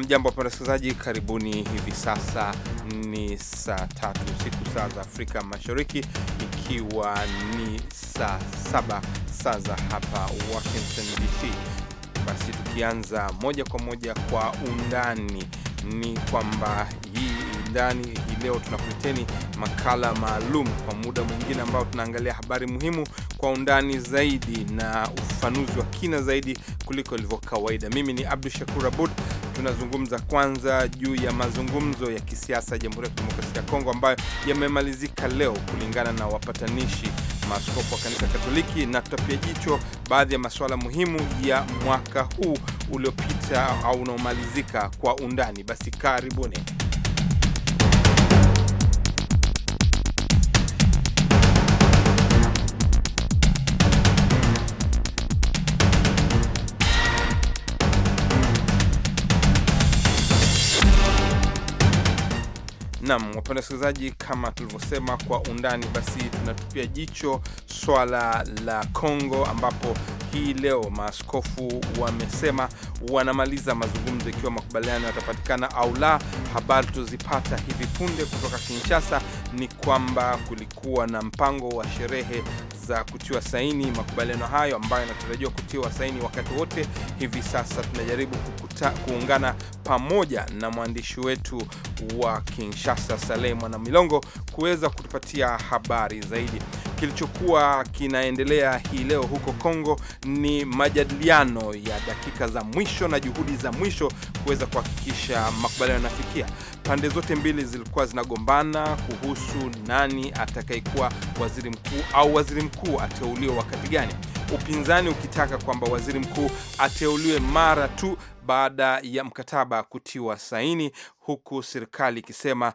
Hamjambo wapenda wasikilizaji, karibuni. Hivi sasa ni saa tatu usiku saa za Afrika Mashariki, ikiwa ni saa saba saa za hapa Washington DC. Basi tukianza moja kwa moja kwa undani, ni kwamba hii Undani hii leo tunakuleteni makala maalum kwa muda mwingine ambao tunaangalia habari muhimu kwa undani zaidi na ufafanuzi wa kina zaidi kuliko ilivyo kawaida. Mimi ni Abdu Shakur Abud. Tunazungumza kwanza juu ya mazungumzo ya kisiasa ya Jamhuri ya Kidemokrasia ya Kongo ambayo yamemalizika leo kulingana na wapatanishi maaskofu wa kanisa Katoliki, na tutapia jicho baadhi ya masuala muhimu ya mwaka huu uliopita au unaomalizika kwa undani. Basi karibuni. Nam, wapenda wasikilizaji, kama tulivyosema kwa undani, basi tunatupia jicho swala la Kongo ambapo hii leo maaskofu wamesema wanamaliza mazungumzo ikiwa makubaliano yatapatikana au la. Habari tuzipata hivi punde kutoka Kinshasa ni kwamba kulikuwa na mpango wa sherehe za kutiwa saini makubaliano hayo ambayo yanatarajiwa kutiwa saini wakati wote. Hivi sasa tunajaribu kukuta, kuungana pamoja na mwandishi wetu wa Kinshasa Saleh Mwana Milongo kuweza kutupatia habari zaidi. Kilichokuwa kinaendelea hii leo huko Kongo ni majadiliano ya dakika za mwisho na juhudi za mwisho kuweza kuhakikisha makubaliano yanafikia pande zote mbili zilikuwa zinagombana kuhusu nani atakayekuwa waziri mkuu au waziri mkuu ateuliwe wakati gani, upinzani ukitaka kwamba waziri mkuu ateuliwe mara tu baada ya mkataba kutiwa saini, huku serikali ikisema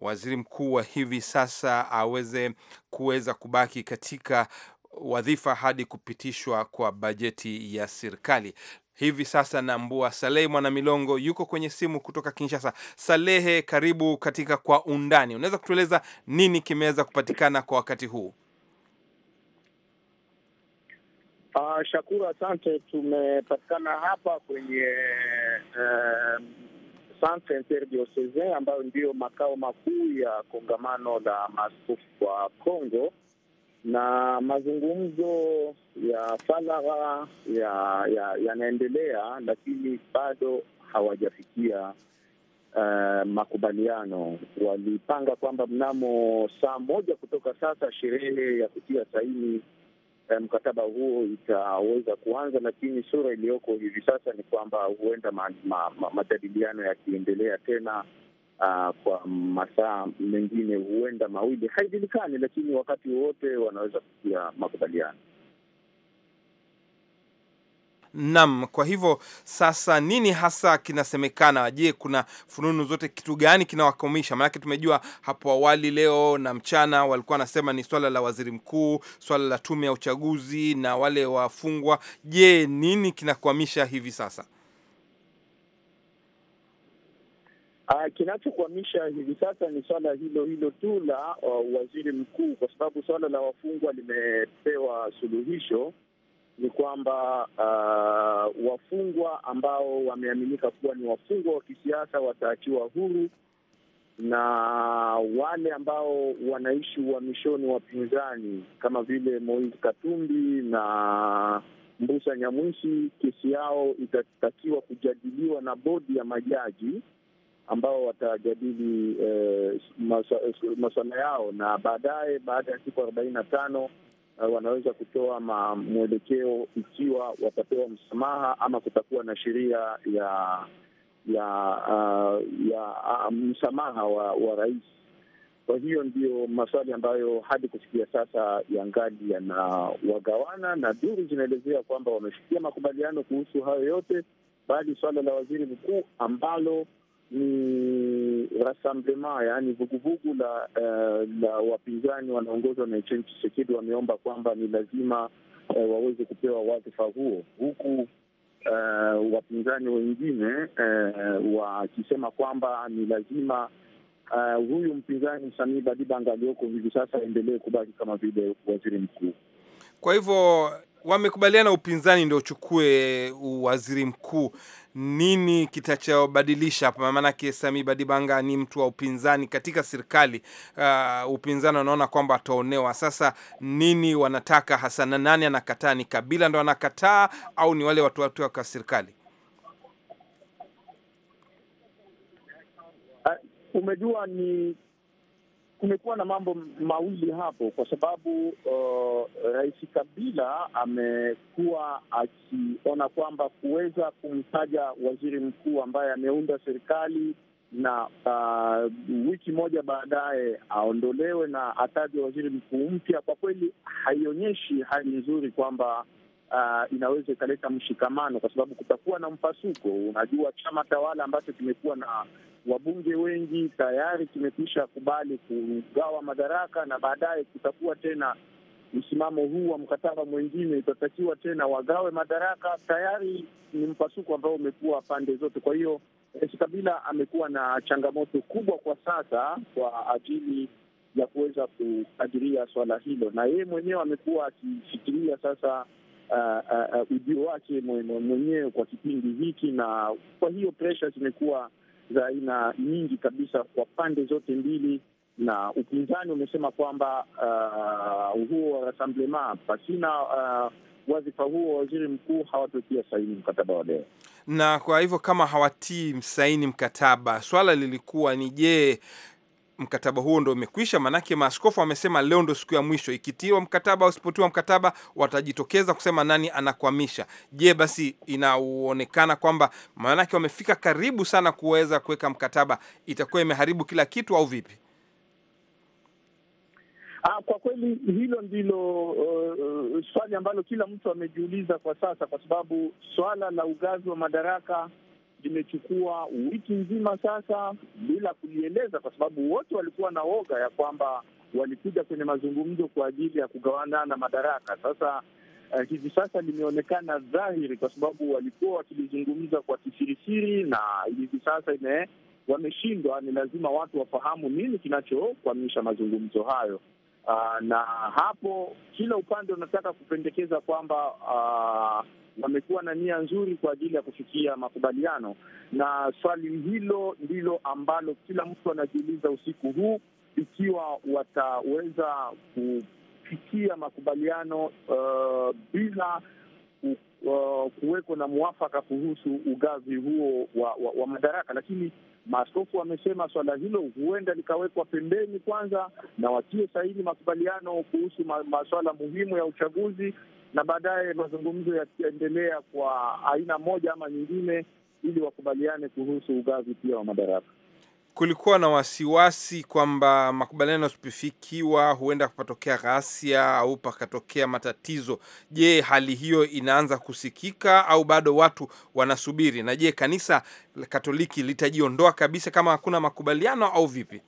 waziri mkuu wa hivi sasa aweze kuweza kubaki katika wadhifa hadi kupitishwa kwa bajeti ya serikali hivi sasa na Mbua Salehe Mwana Milongo yuko kwenye simu kutoka Kinshasa. Salehe, karibu katika Kwa Undani. Unaweza kutueleza nini kimeweza kupatikana kwa wakati huu? Uh, ah, Shakuru, asante. Tumepatikana hapa kwenye uh, Centre Interdiocesain ambayo ndiyo makao makuu ya kongamano la maaskofu wa congo na mazungumzo ya falagha yanaendelea ya, ya lakini bado hawajafikia uh, makubaliano. Walipanga kwamba mnamo saa moja kutoka sasa sherehe ya kutia saini eh, mkataba huo itaweza kuanza, lakini sura iliyoko hivi sasa ni kwamba huenda majadiliano ma, ma, yakiendelea tena uh, kwa masaa mengine huenda mawili, haijulikani, lakini wakati wowote wanaweza kufikia makubaliano. Naam, kwa hivyo sasa, nini hasa kinasemekana? Je, kuna fununu zote? Kitu gani kinawakwamisha? Maanake tumejua hapo awali, leo na mchana, walikuwa wanasema ni swala la waziri mkuu, swala la tume ya uchaguzi na wale wafungwa. Je, nini kinakwamisha hivi sasa? Uh, kinachokwamisha hivi sasa ni swala hilo hilo tu la uh, waziri mkuu, kwa sababu swala la wafungwa limepewa suluhisho. Ni kwamba uh, wafungwa ambao wameaminika kuwa ni wafungwa wa kisiasa wataachiwa huru, na wale ambao wanaishi uhamishoni wapinzani kama vile Moise Katumbi na Mbusa Nyamwisi, kesi yao itatakiwa kujadiliwa na bodi ya majaji ambao watajadili eh, maswala yao, na baadaye baada ya siku arobaini na tano eh, wanaweza kutoa mwelekeo ikiwa watapewa msamaha ama kutakuwa na sheria ya ya uh, ya uh, msamaha wa, wa rais. Kwa hiyo ndio maswali ambayo hadi kufikia sasa ya ngali yanawagawana, na duru zinaelezea kwamba wamefikia makubaliano kuhusu hayo yote, bali swala la waziri mkuu ambalo ni rassemblement, yaani vuguvugu la uh, la wapinzani wanaongozwa na Etienne Tshisekedi wameomba kwamba ni lazima uh, waweze kupewa wadhifa huo, huku uh, wapinzani wengine uh, wakisema kwamba ni lazima uh, huyu mpinzani Sami Badibanga aliyoko hivi sasa aendelee kubaki kama vile waziri mkuu. Kwa hivyo wamekubaliana upinzani ndio uchukue waziri mkuu. Nini kitachobadilisha hapa? Maanake Sami Badibanga ni mtu wa upinzani katika serikali. Uh, upinzani wanaona kwamba ataonewa. Sasa nini wanataka hasa, na nani anakataa? Ni Kabila ndo anakataa au ni wale watu watu wa serikali? Uh, umejua ni kumekuwa na mambo mawili hapo, kwa sababu uh, Rais Kabila amekuwa akiona kwamba kuweza kumtaja waziri mkuu ambaye ameunda serikali na uh, wiki moja baadaye aondolewe na atajwe waziri mkuu mpya, kwa kweli haionyeshi hali nzuri kwamba uh, inaweza ikaleta mshikamano, kwa sababu kutakuwa na mpasuko. Unajua, chama tawala ambacho kimekuwa na wabunge wengi tayari kimekwisha kubali kugawa madaraka, na baadaye kutakuwa tena msimamo huu wa mkataba mwingine, itatakiwa tena wagawe madaraka. Tayari ni mpasuko ambao umekuwa pande zote. Kwa hiyo Rais eh, Kabila amekuwa na changamoto kubwa kwa sasa kwa ajili ya kuweza kukadiria swala hilo, na yeye mwenyewe amekuwa akifikiria sasa Uh, uh, uh, ujio wake mwenyewe kwa kipindi hiki, na kwa hiyo presha zimekuwa za aina nyingi kabisa kwa pande zote mbili, na upinzani umesema kwamba uh, huo wa Rassemblement pasina uh, wadhifa huo waziri mkuu hawatotia saini mkataba wa leo, na kwa hivyo kama hawatii saini mkataba, swala lilikuwa ni je, mkataba huo ndo umekwisha. Maanake maaskofu wamesema leo ndo siku ya mwisho, ikitiwa mkataba, usipotiwa mkataba watajitokeza kusema nani anakwamisha. Je, basi inaonekana kwamba maanake wamefika karibu sana kuweza kuweka mkataba, itakuwa imeharibu kila kitu au vipi? Aa, ah, kwa kweli hilo ndilo uh, swali ambalo kila mtu amejiuliza kwa sasa, kwa sababu swala la ugavi wa madaraka limechukua wiki nzima sasa bila kulieleza, kwa sababu wote walikuwa na woga ya kwamba walikuja kwenye mazungumzo kwa ajili ya kugawanana madaraka. Sasa uh, hivi sasa limeonekana dhahiri, kwa sababu walikuwa wakilizungumza kwa kisirisiri, na hivi sasa ime wameshindwa. Ni lazima watu wafahamu nini kinachokwamisha mazungumzo hayo. Uh, na hapo kila upande unataka kupendekeza kwamba uh, wamekuwa na nia nzuri kwa ajili ya kufikia makubaliano, na swali hilo ndilo ambalo kila mtu anajiuliza usiku huu, ikiwa wataweza kufikia makubaliano uh, bila uh, kuweko na mwafaka kuhusu ugavi huo wa, wa, wa madaraka, lakini Maaskofu wamesema swala hilo huenda likawekwa pembeni kwanza na watie saini makubaliano kuhusu masuala muhimu ya uchaguzi, na baadaye mazungumzo yakiendelea kwa aina moja ama nyingine, ili wakubaliane kuhusu ugavi pia wa madaraka kulikuwa na wasiwasi kwamba makubaliano yasipofikiwa huenda kupatokea ghasia au pakatokea matatizo. Je, hali hiyo inaanza kusikika au bado watu wanasubiri? Na je, kanisa Katoliki litajiondoa kabisa kama hakuna makubaliano au vipi?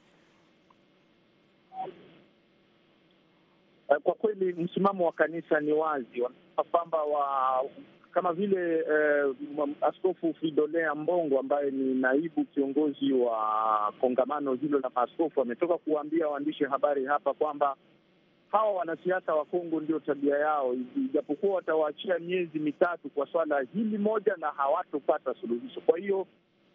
Eh, kwa kweli msimamo wa kanisa ni wazi, kwamba wa kama vile eh, Askofu Fridolin Ambongo ambaye ni naibu kiongozi wa kongamano hilo la maaskofu ametoka kuwaambia waandishi habari hapa kwamba hawa wanasiasa wa Kongo ndio tabia yao, ijapokuwa watawaachia miezi mitatu kwa swala hili moja, na hawatopata suluhisho. Kwa hiyo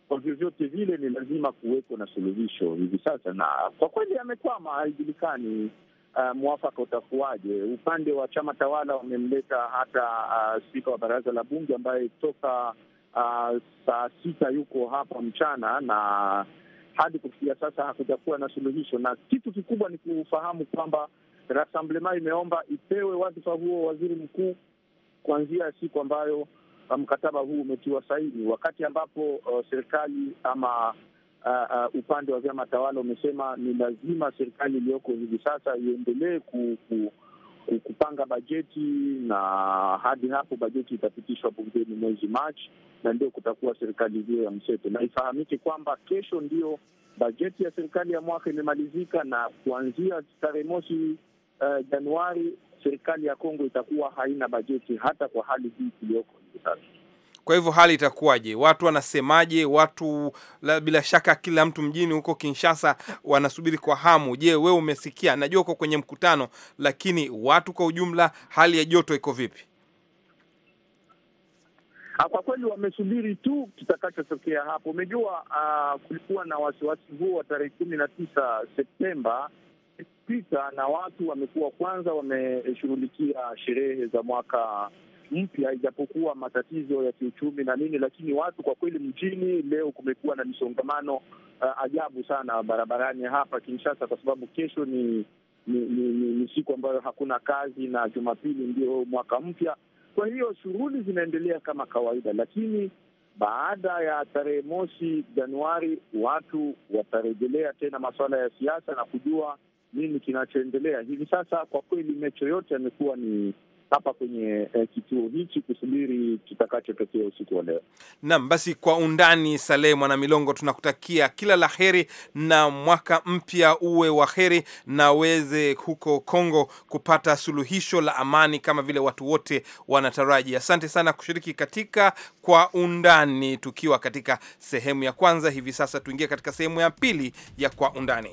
kwa vyovyote vile ni lazima kuweko na suluhisho hivi sasa, na kwa kweli amekwama, haijulikani uh, mwafaka utakuwaje? Upande wa chama tawala wamemleta hata uh, spika wa baraza la bunge ambaye toka uh, saa sita yuko hapa mchana na hadi kufikia sasa hakujakuwa na suluhisho, na kitu kikubwa ni kufahamu kwamba Rassemblement imeomba ipewe wadhifa huo waziri mkuu kuanzia siku ambayo uh, mkataba huu umetiwa saini, wakati ambapo uh, serikali ama uh, uh, upande wa vyama tawala umesema ni lazima serikali iliyoko hivi sasa iendelee ku, ku, ku, kupanga bajeti na hadi hapo bajeti itapitishwa bungeni mwezi Machi, na ndio kutakuwa serikali hiyo ya mseto, na ifahamike kwamba kesho ndio bajeti ya serikali ya mwaka imemalizika, na kuanzia tarehe mosi uh, Januari serikali ya Kongo itakuwa haina bajeti hata kwa hali hii iliyoko hivi sasa. Kwa hivyo hali itakuwaje? Watu wanasemaje? Watu la, bila shaka kila mtu mjini huko Kinshasa wanasubiri kwa hamu. Je, wewe umesikia? Najua uko kwenye mkutano, lakini watu kwa ujumla, hali ya joto iko vipi? Ah, kwa kweli wamesubiri tu kitakachotokea hapo. Umejua, uh, kulikuwa na wasiwasi huo wa tarehe kumi na tisa Septemba pita, na watu wamekuwa kwanza wameshughulikia sherehe za mwaka mpya, ijapokuwa matatizo ya kiuchumi na nini, lakini watu kwa kweli mjini leo kumekuwa na misongamano uh, ajabu sana barabarani hapa Kinshasa, kwa sababu kesho ni ni, ni, ni, ni siku ambayo hakuna kazi na Jumapili ndio mwaka mpya. Kwa hiyo shughuli zinaendelea kama kawaida, lakini baada ya tarehe mosi Januari watu watarejelea tena masuala ya siasa na kujua nini kinachoendelea hivi sasa. Kwa kweli mecho yote yamekuwa ni hapa kwenye eh, kituo hichi kusubiri kitakachotokea usiku wa leo. Naam, basi kwa undani, saleh Mwana Milongo, tunakutakia kila la heri na mwaka mpya uwe wa heri na weze huko Kongo kupata suluhisho la amani kama vile watu wote wanataraji. Asante sana kushiriki katika kwa undani, tukiwa katika sehemu ya kwanza. Hivi sasa tuingie katika sehemu ya pili ya kwa undani.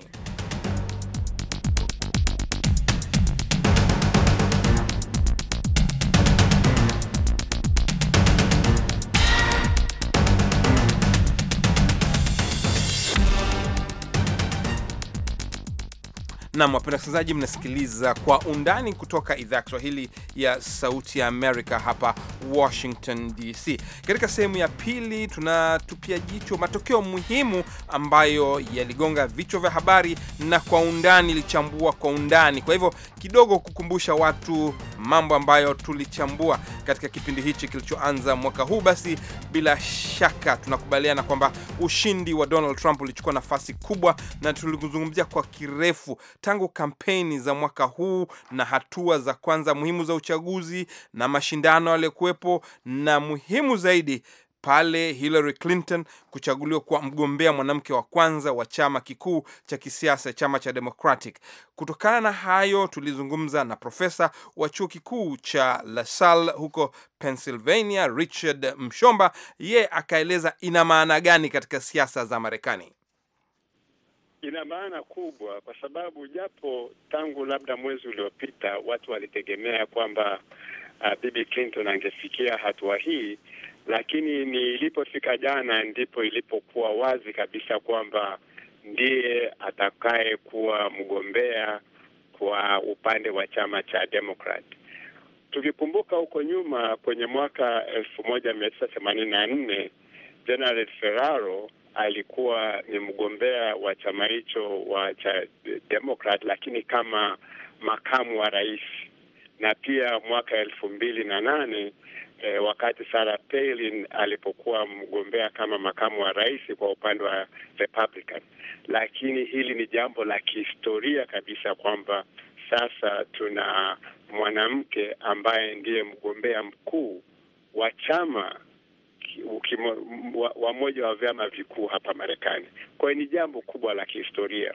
Nam, wapenda wasikilizaji, mnasikiliza Kwa Undani kutoka idhaa ya Kiswahili ya Sauti ya Amerika hapa Washington DC. Katika sehemu ya pili, tunatupia jicho matokeo muhimu ambayo yaligonga vichwa vya habari, na Kwa Undani ilichambua kwa undani. Kwa hivyo kidogo kukumbusha watu mambo ambayo tulichambua katika kipindi hichi kilichoanza mwaka huu. Basi bila shaka tunakubaliana kwamba ushindi wa Donald Trump ulichukua nafasi kubwa, na tulizungumzia kwa kirefu tangu kampeni za mwaka huu na hatua za kwanza muhimu za uchaguzi na mashindano yaliyokuwepo, na muhimu zaidi pale Hillary Clinton kuchaguliwa kuwa mgombea mwanamke wa kwanza wa chama kikuu cha kisiasa chama cha Democratic. Kutokana na hayo, tulizungumza na profesa wa chuo kikuu cha LaSalle huko Pennsylvania, Richard Mshomba, ye akaeleza ina maana gani katika siasa za Marekani ina maana kubwa, kwa sababu japo tangu labda mwezi uliopita watu walitegemea kwamba uh, Bibi Clinton angefikia hatua hii, lakini ni ilipofika jana ndipo ilipokuwa wazi kabisa kwamba ndiye atakaye kuwa mgombea kwa upande wa chama cha demokrat Tukikumbuka huko nyuma kwenye mwaka elfu moja mia tisa themanini na nne General Ferraro alikuwa ni mgombea wa chama hicho wa cha Democrat, lakini kama makamu wa rais, na pia mwaka elfu mbili na nane e, wakati Sarah Palin alipokuwa mgombea kama makamu wa rais kwa upande wa Republican. Lakini hili ni jambo la kihistoria kabisa kwamba sasa tuna mwanamke ambaye ndiye mgombea mkuu wa chama wa moja wa vyama vikuu hapa Marekani. Kwa hiyo ni jambo kubwa la kihistoria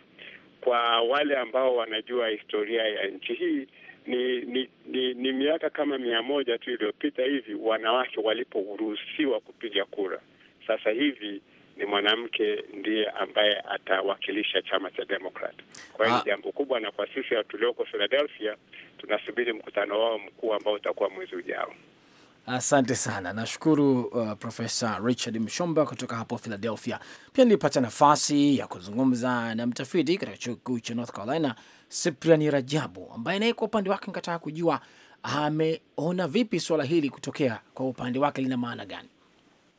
kwa wale ambao wanajua historia ya nchi hii. Ni, ni, ni, ni miaka kama mia moja tu iliyopita hivi wanawake waliporuhusiwa kupiga kura. Sasa hivi ni mwanamke ndiye ambaye atawakilisha chama cha Demokrat. Kwa hiyo ah. jambo kubwa, na kwa sisi tulioko Philadelphia tunasubiri mkutano wao mkuu ambao utakuwa mwezi ujao. Asante sana, nashukuru uh, Profesa Richard Mshomba kutoka hapo Philadelphia. Pia nilipata nafasi ya kuzungumza na mtafiti katika chuo kikuu cha North Carolina, Cyprian Rajabu, ambaye naye kwa upande wake nikataka kujua ameona vipi suala hili kutokea, kwa upande wake lina maana gani?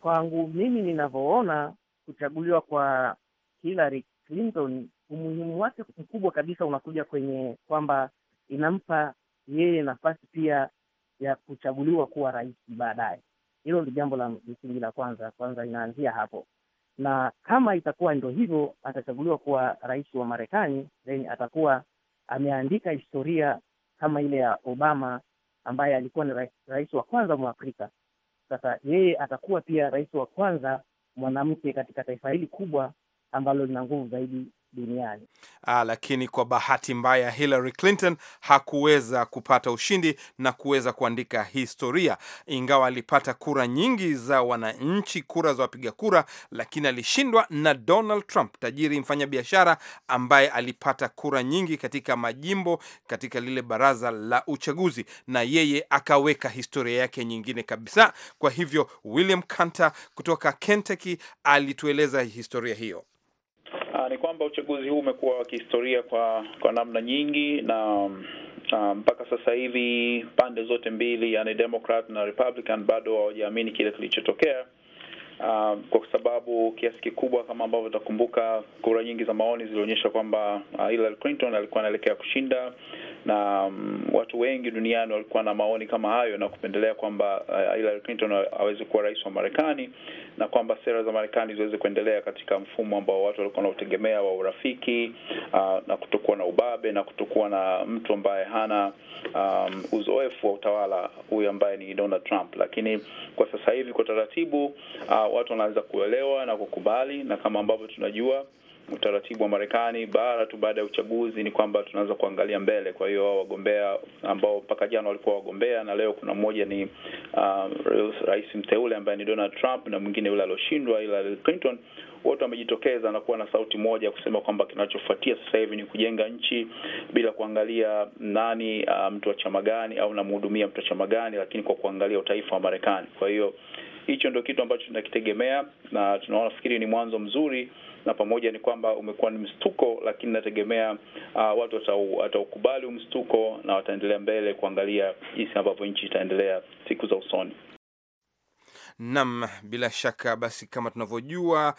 Kwangu mimi ninavyoona, kuchaguliwa kwa Hillary Clinton, umuhimu wake mkubwa kabisa unakuja kwenye kwamba inampa yeye nafasi pia ya kuchaguliwa kuwa rais baadaye. Hilo ni jambo la msingi la kwanza, kwanza inaanzia hapo, na kama itakuwa ndo hivyo, atachaguliwa kuwa rais wa Marekani, then atakuwa ameandika historia kama ile ya Obama ambaye alikuwa ni rais wa kwanza Mwafrika. Sasa yeye atakuwa pia rais wa kwanza mwanamke katika taifa hili kubwa ambalo lina nguvu zaidi duniani. Ah, lakini kwa bahati mbaya Hillary Clinton hakuweza kupata ushindi na kuweza kuandika historia, ingawa alipata kura nyingi za wananchi, kura za wapiga kura, lakini alishindwa na Donald Trump, tajiri mfanyabiashara, ambaye alipata kura nyingi katika majimbo, katika lile baraza la uchaguzi, na yeye akaweka historia yake nyingine kabisa. Kwa hivyo William Kanter kutoka Kentucky alitueleza historia hiyo. Aa, ni kwamba uchaguzi huu umekuwa wa kihistoria kwa kwa namna nyingi na mpaka um, sasa hivi pande zote mbili, yani Democrat na Republican, bado hawajaamini kile kilichotokea Uh, kwa sababu kiasi kikubwa kama ambavyo utakumbuka, kura nyingi za maoni zilionyesha kwamba uh, Hillary Clinton alikuwa anaelekea kushinda na um, watu wengi duniani walikuwa na maoni kama hayo na kupendelea kwamba uh, Hillary Clinton aweze kuwa rais wa Marekani na kwamba sera za Marekani ziweze kuendelea katika mfumo ambao watu walikuwa wanautegemea wa urafiki uh, na kutokuwa na ubabe na kutokuwa na mtu ambaye hana um, uzoefu wa utawala huyu ambaye ni Donald Trump. Lakini kwa sasa hivi kwa taratibu, uh, watu wanaweza kuelewa na kukubali, na kama ambavyo tunajua utaratibu wa Marekani bara tu baada ya uchaguzi ni kwamba tunaweza kuangalia mbele. Kwa hiyo wagombea ambao mpaka jana walikuwa wagombea na leo kuna mmoja ni uh, rais mteule ambaye ni Donald Trump na mwingine yule alioshindwa Hillary Clinton wote wamejitokeza na kuwa na sauti moja kusema kwamba kinachofuatia sasa hivi ni kujenga nchi bila kuangalia nani uh, mtu wa chama gani au namhudumia mtu wa chama gani, lakini kwa kuangalia utaifa wa Marekani. Kwa hiyo hicho ndio kitu ambacho tunakitegemea na tunaona, fikiri ni mwanzo mzuri, na pamoja ni kwamba umekuwa ni mstuko lakini nategemea uh, watu wataukubali umstuko na wataendelea mbele kuangalia jinsi ambavyo nchi itaendelea siku za usoni. Naam, bila shaka basi, kama tunavyojua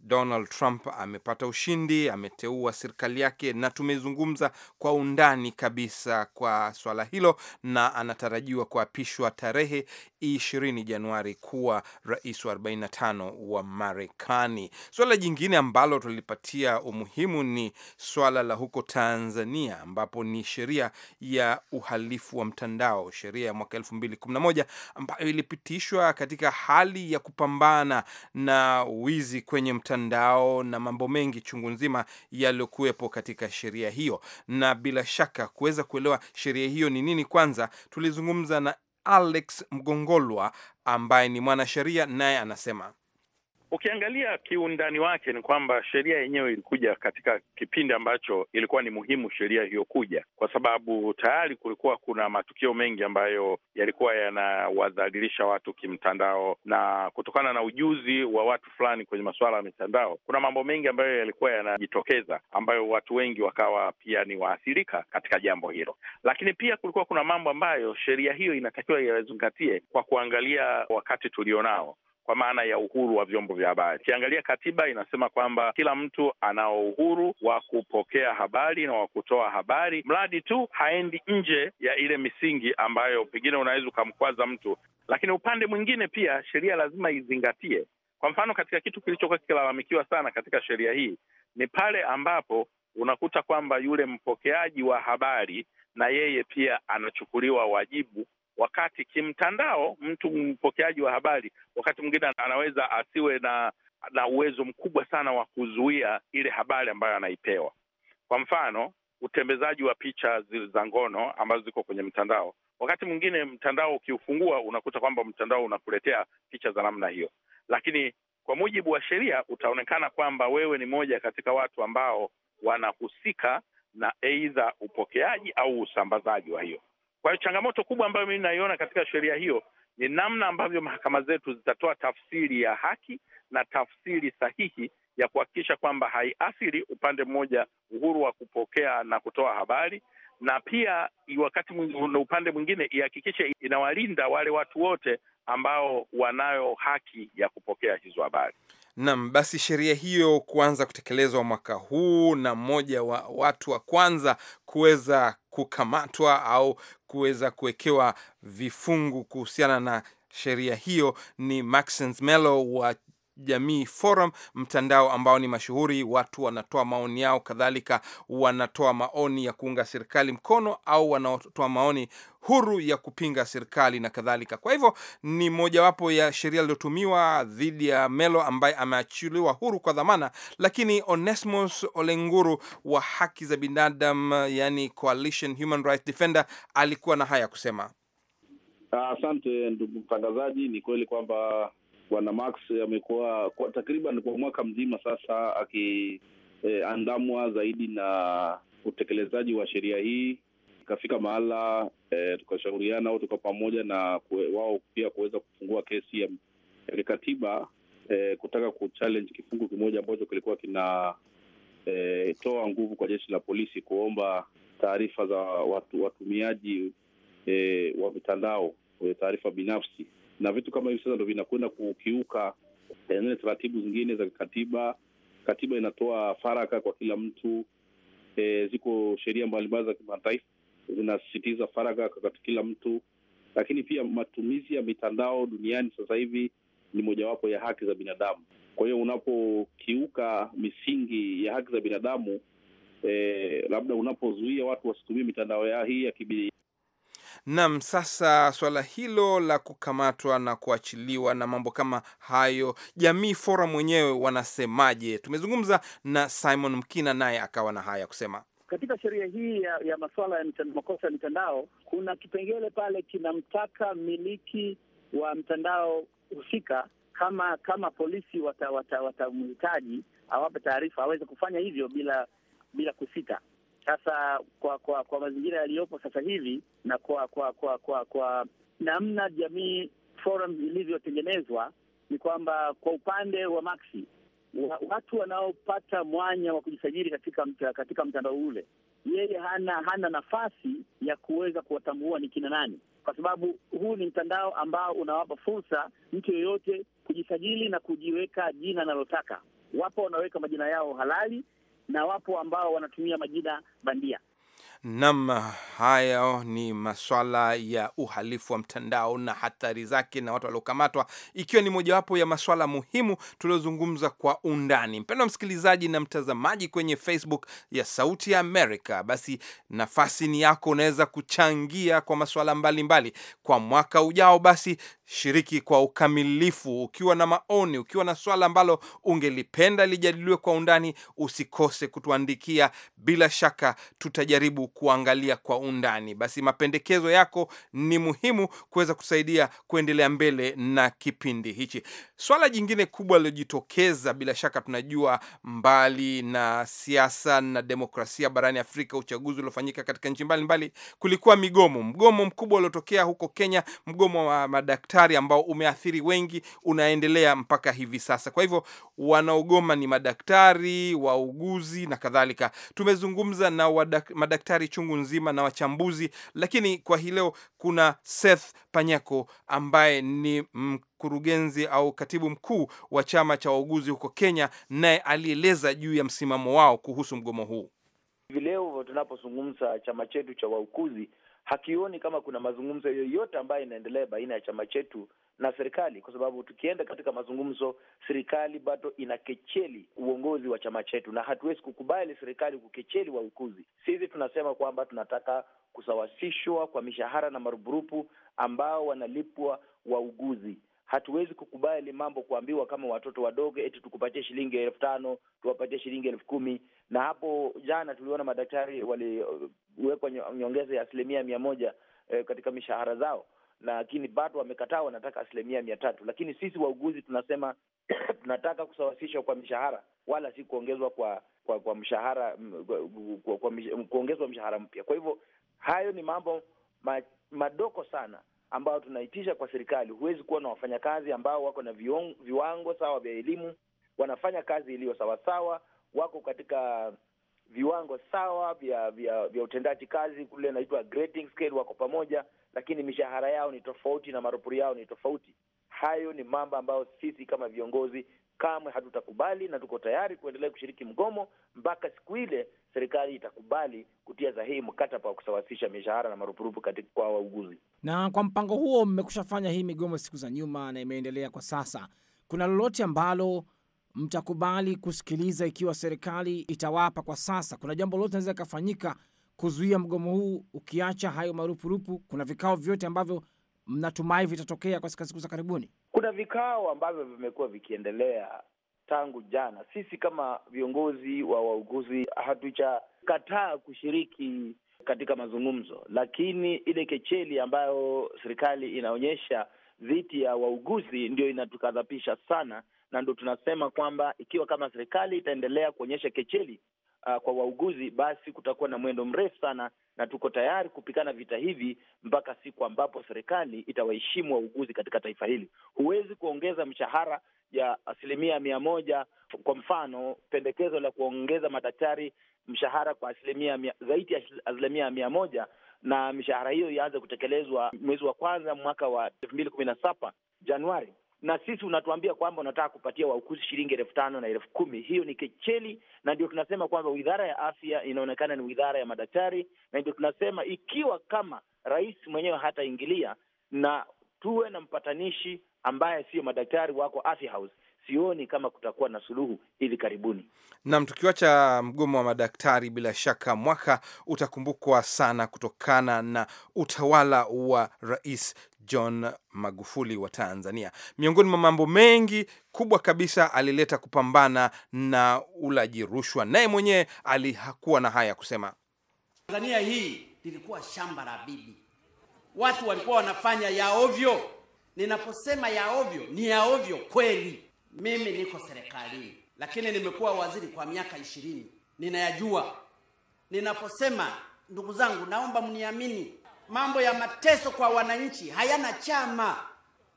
Donald Trump amepata ushindi, ameteua serikali yake, na tumezungumza kwa undani kabisa kwa swala hilo, na anatarajiwa kuapishwa tarehe 20 Januari kuwa rais wa 45 wa Marekani. Swala jingine ambalo tulipatia umuhimu ni swala la huko Tanzania, ambapo ni sheria ya uhalifu wa mtandao, sheria ya mwaka 2011 ambayo ilipitishwa katika hali ya kupambana na wizi kwenye mtandao na mambo mengi chungu nzima yaliyokuwepo katika sheria hiyo, na bila shaka kuweza kuelewa sheria hiyo ni nini, kwanza tulizungumza na Alex Mgongolwa ambaye ni mwanasheria, naye anasema Ukiangalia kiundani wake ni kwamba sheria yenyewe ilikuja katika kipindi ambacho ilikuwa ni muhimu sheria hiyo kuja, kwa sababu tayari kulikuwa kuna matukio mengi ambayo yalikuwa yanawadhalilisha watu kimtandao, na kutokana na ujuzi wa watu fulani kwenye masuala ya mitandao, kuna mambo mengi ambayo yalikuwa yanajitokeza ambayo watu wengi wakawa pia ni waathirika katika jambo hilo. Lakini pia kulikuwa kuna mambo ambayo sheria hiyo inatakiwa yazingatie kwa kuangalia wakati tulionao kwa maana ya uhuru wa vyombo vya habari. Ukiangalia katiba inasema kwamba kila mtu anao uhuru wa kupokea habari na wa kutoa habari, mradi tu haendi nje ya ile misingi ambayo pengine unaweza ukamkwaza mtu. Lakini upande mwingine pia sheria lazima izingatie. Kwa mfano, katika kitu kilichokuwa kikilalamikiwa sana katika sheria hii ni pale ambapo unakuta kwamba yule mpokeaji wa habari na yeye pia anachukuliwa wajibu wakati kimtandao, mtu mpokeaji wa habari wakati mwingine anaweza asiwe na na uwezo mkubwa sana wa kuzuia ile habari ambayo anaipewa. Kwa mfano, utembezaji wa picha za ngono ambazo ziko kwenye mtandao, wakati mwingine mtandao ukiufungua, unakuta kwamba mtandao unakuletea picha za namna hiyo, lakini kwa mujibu wa sheria utaonekana kwamba wewe ni moja katika watu ambao wanahusika na eidha upokeaji au usambazaji wa hiyo. Kwa hiyo changamoto kubwa ambayo mimi naiona katika sheria hiyo ni namna ambavyo mahakama zetu zitatoa tafsiri ya haki na tafsiri sahihi ya kuhakikisha kwamba haiathiri upande mmoja uhuru wa kupokea na kutoa habari, na pia wakati mwingine, upande mwingine ihakikishe inawalinda wale watu wote ambao wanayo haki ya kupokea hizo habari. Naam, basi sheria hiyo kuanza kutekelezwa mwaka huu, na mmoja wa watu wa kwanza kuweza kukamatwa au kuweza kuwekewa vifungu kuhusiana na sheria hiyo ni Maxence Melo wa jamii forum, mtandao ambao ni mashuhuri. Watu wanatoa maoni yao, kadhalika wanatoa maoni ya kuunga serikali mkono au wanatoa maoni huru ya kupinga serikali na kadhalika. Kwa hivyo ni mojawapo ya sheria iliyotumiwa dhidi ya Melo ambaye ameachiliwa huru kwa dhamana, lakini Onesmus Olenguru wa haki za binadamu, yani Coalition Human Rights Defender, alikuwa na haya kusema. Asante ndugu mtangazaji, ni kweli kwamba Bwana Max amekuwa kwa takriban kwa mwaka mzima sasa akiandamwa eh, zaidi na utekelezaji wa sheria hii. Ikafika mahala eh, tukashauriana au tuka pamoja na kwe, wao pia kuweza kufungua kesi ya kikatiba eh, kutaka kuchallenge kifungu kimoja ambacho kilikuwa kinatoa eh, nguvu kwa jeshi la polisi kuomba taarifa za watu, watumiaji eh, wa mitandao, eh, taarifa binafsi na vitu kama hivi sasa ndo vinakwenda kukiuka eh, zile taratibu zingine za kikatiba. Katiba inatoa faraka kwa kila mtu. E, ziko sheria mbalimbali za kimataifa zinasisitiza faraka kwa kila mtu, lakini pia matumizi ya mitandao duniani sasa hivi ni mojawapo ya haki za binadamu. Kwa hiyo unapokiuka misingi ya haki za binadamu, e, labda unapozuia watu wasitumie mitandao ya hii ya kibi Nam, sasa swala hilo la kukamatwa na kuachiliwa na mambo kama hayo, Jamii Forum wenyewe wanasemaje? Tumezungumza na Simon Mkina, naye akawa na haya kusema. Katika sheria hii ya, ya masuala ya makosa ya mitandao, kuna kipengele pale kinamtaka mmiliki wa mtandao husika, kama kama polisi watamhitaji wata, wata awape taarifa, aweze kufanya hivyo bila bila kusita. Sasa kwa kwa kwa mazingira yaliyopo sasa hivi na kwa kwa kwa kwa kwa namna jamii forums ilivyotengenezwa ni kwamba kwa upande wa Maxi wa, watu wanaopata mwanya wa kujisajili katika mta, katika mtandao ule, yeye hana hana nafasi ya kuweza kuwatambua ni kina nani, kwa sababu huu ni mtandao ambao unawapa fursa mtu yeyote kujisajili na kujiweka jina analotaka. Wapo wanaweka majina yao halali na wapo ambao wanatumia majina bandia. Nam, hayo ni maswala ya uhalifu wa mtandao na hatari zake na watu waliokamatwa, ikiwa ni mojawapo ya maswala muhimu tuliozungumza kwa undani. Mpendwa msikilizaji na mtazamaji kwenye Facebook ya Sauti ya Amerika, basi nafasi ni yako, unaweza kuchangia kwa maswala mbalimbali mbali. Kwa mwaka ujao, basi shiriki kwa ukamilifu. Ukiwa na maoni, ukiwa na swala ambalo ungelipenda lijadiliwe kwa undani, usikose kutuandikia. Bila shaka tutajaribu kuangalia kwa undani. Basi mapendekezo yako ni muhimu kuweza kusaidia kuendelea mbele na kipindi hichi. Swala jingine kubwa lilojitokeza, bila shaka tunajua, mbali na siasa na demokrasia barani Afrika, uchaguzi uliofanyika katika nchi mbalimbali, kulikuwa migomo, mgomo mkubwa uliotokea huko Kenya, mgomo wa madaktari hatari ambao umeathiri wengi unaendelea mpaka hivi sasa. Kwa hivyo wanaogoma ni madaktari, wauguzi na kadhalika. Tumezungumza na wadak, madaktari chungu nzima na wachambuzi, lakini kwa hii leo kuna Seth Panyako ambaye ni mkurugenzi au katibu mkuu wa chama cha wauguzi huko Kenya, naye alieleza juu ya msimamo wao kuhusu mgomo huu. Hivi leo tunapozungumza, chama chetu cha wauguzi hakioni kama kuna mazungumzo yoyote ambayo inaendelea baina ya chama chetu na serikali, kwa sababu tukienda katika mazungumzo, serikali bado inakecheli uongozi wa chama chetu, na hatuwezi kukubali serikali kukecheli ukuzi. Sisi tunasema kwamba tunataka kusawasishwa kwa mishahara na marupurupu ambao wanalipwa wauguzi. Hatuwezi kukubali mambo kuambiwa kama watoto wadogo, eti tukupatie shilingi elfu tano tuwapatie shilingi elfu kumi Na hapo jana tuliona madaktari wali kuwekwa nyongeza ya asilimia mia moja eh, katika mishahara zao, lakini bado wamekataa, wanataka asilimia mia tatu. Lakini sisi wauguzi tunasema tunataka kusawasishwa kwa mishahara wala si kuongezwa kwa kwa kwa mshahara kwa, kwa kwa, kuongezwa mshahara mpya. Kwa hivyo hayo ni mambo ma, madoko sana ambayo tunaitisha kwa serikali. Huwezi kuwa na wafanyakazi ambao wako na viwango sawa vya elimu, wanafanya kazi iliyo sawasawa, wako katika viwango sawa vya vya vya utendaji kazi kule inaitwa grading scale, wako pamoja, lakini mishahara yao ni tofauti na marupuri yao ni tofauti. Hayo ni mambo ambayo sisi kama viongozi kamwe hatutakubali na tuko tayari kuendelea kushiriki mgomo mpaka siku ile serikali itakubali kutia sahihi mkataba wa kusawazisha mishahara na marupurupu katika kwa wauguzi. Na kwa mpango huo mmekushafanya hii migomo siku za nyuma na imeendelea kwa sasa, kuna lolote ambalo mtakubali kusikiliza ikiwa serikali itawapa kwa sasa, kuna jambo lote naweza ikafanyika kuzuia mgomo huu, ukiacha hayo marupurupu? Kuna vikao vyote ambavyo mnatumai vitatokea kwa siku za karibuni? Kuna vikao ambavyo vimekuwa vikiendelea tangu jana. Sisi kama viongozi wa wauguzi hatujakataa kushiriki katika mazungumzo, lakini ile kecheli ambayo serikali inaonyesha dhidi ya wauguzi ndio inatukadhapisha sana, na ndo tunasema kwamba ikiwa kama serikali itaendelea kuonyesha kecheli uh, kwa wauguzi, basi kutakuwa na mwendo mrefu sana, na tuko tayari kupigana vita hivi mpaka siku ambapo serikali itawaheshimu wauguzi katika taifa hili. Huwezi kuongeza mshahara ya asilimia mia moja. Kwa mfano, pendekezo la kuongeza madaktari mshahara kwa asilimia zaidi ya asilimia mia moja na mishahara hiyo ianze kutekelezwa mwezi wa kwanza mwaka wa elfu mbili kumi na saba Januari na sisi unatuambia kwamba unataka kupatia wauguzi shilingi elfu tano na elfu kumi Hiyo ni kecheli, na ndio tunasema kwamba wizara ya afya inaonekana ni wizara ya madaktari, na ndio tunasema ikiwa kama rais mwenyewe hataingilia na tuwe na mpatanishi ambaye sio madaktari wako Afya House, sioni kama kutakuwa na suluhu hivi karibuni. Naam, tukiwacha mgomo wa madaktari, bila shaka mwaka utakumbukwa sana kutokana na utawala wa Rais John Magufuli wa Tanzania. Miongoni mwa mambo mengi kubwa kabisa alileta kupambana na ulaji rushwa, naye mwenyewe alihakuwa na haya kusema, Tanzania hii lilikuwa shamba la bibi, watu walikuwa wanafanya ya ovyo. Ninaposema ya ovyo, ni ya ovyo kweli mimi niko serikalini, lakini nimekuwa waziri kwa miaka ishirini, ninayajua. Ninaposema ndugu zangu, naomba mniamini, mambo ya mateso kwa wananchi hayana chama.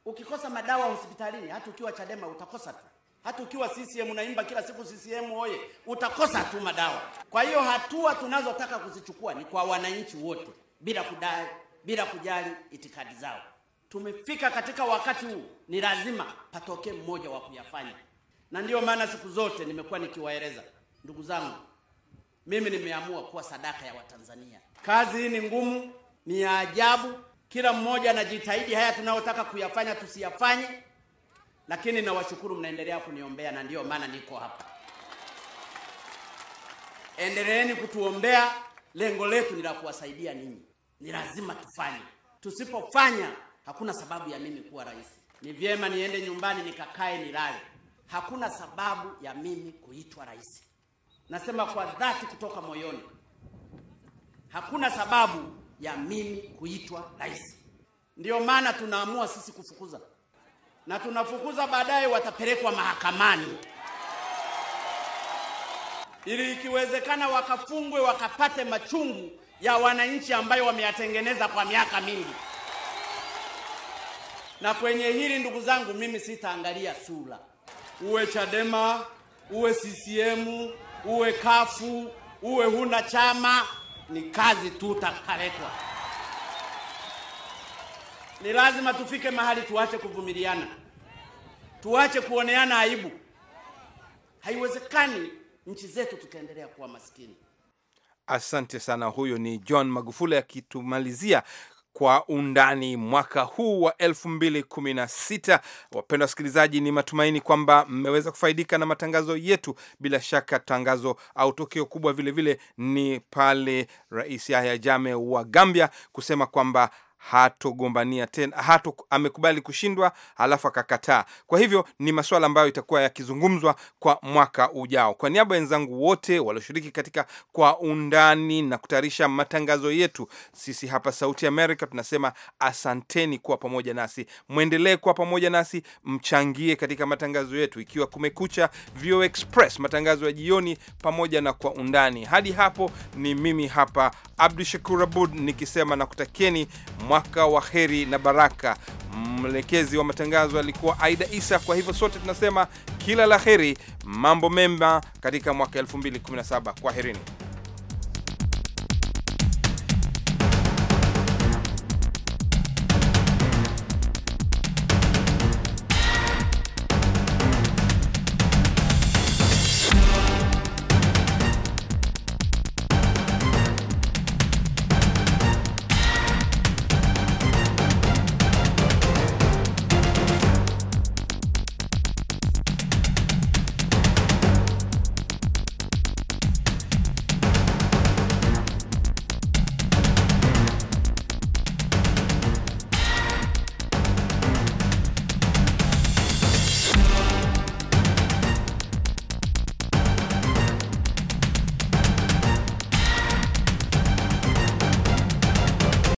Ukikosa madawa hospitalini, hata ukiwa Chadema utakosa tu, hata ukiwa CCM unaimba kila siku CCM oye, utakosa tu madawa. Kwa hiyo hatua tunazotaka kuzichukua ni kwa wananchi wote, bila kudai, bila kujali itikadi zao tumefika katika wakati huu, ni lazima patokee mmoja wa kuyafanya, na ndiyo maana siku zote nimekuwa nikiwaeleza ndugu zangu, mimi nimeamua kuwa sadaka ya Watanzania. Kazi hii ni ngumu, ni ya ajabu, kila mmoja anajitahidi. Haya tunayotaka kuyafanya tusiyafanye, lakini nawashukuru, mnaendelea kuniombea, na ndiyo maana niko hapa. Endeleeni kutuombea, lengo letu ni la kuwasaidia ninyi, ni lazima tufanye. Tusipofanya Hakuna sababu ya mimi kuwa rais. Ni vyema niende nyumbani nikakae nilale. Hakuna sababu ya mimi kuitwa rais. Nasema kwa dhati kutoka moyoni. Hakuna sababu ya mimi kuitwa rais. Ndiyo maana tunaamua sisi kufukuza, na tunafukuza, baadaye watapelekwa mahakamani ili ikiwezekana wakafungwe wakapate machungu ya wananchi ambayo wameyatengeneza kwa miaka mingi. Na kwenye hili ndugu zangu, mimi sitaangalia sura, uwe Chadema, uwe CCM, uwe kafu, uwe huna chama, ni kazi tu utakaletwa. Ni lazima tufike mahali tuache kuvumiliana, tuache kuoneana aibu. Haiwezekani nchi zetu tukaendelea kuwa maskini. Asante sana. Huyo ni John Magufuli akitumalizia kwa undani mwaka huu wa 2016. Wapendwa wasikilizaji, ni matumaini kwamba mmeweza kufaidika na matangazo yetu. Bila shaka tangazo au tokeo kubwa vilevile vile ni pale Rais Yahya Jammeh wa Gambia kusema kwamba hatogombania tena, hato amekubali kushindwa alafu akakataa. Kwa hivyo ni masuala ambayo itakuwa yakizungumzwa kwa mwaka ujao. Kwa niaba ya wenzangu wote walioshiriki katika kwa undani na kutayarisha matangazo yetu, sisi hapa Sauti Amerika tunasema asanteni kuwa pamoja nasi, mwendelee kuwa pamoja nasi, mchangie katika matangazo yetu, ikiwa Kumekucha, VOA Express, matangazo ya jioni pamoja na kwa undani. Hadi hapo ni mimi hapa Abdu Shakur Abud nikisema nakutakieni mwaka wa heri na baraka. Mwelekezi wa matangazo alikuwa Aida Isa. Kwa hivyo sote tunasema kila la heri, mambo mema katika mwaka 2017. Kwaherini.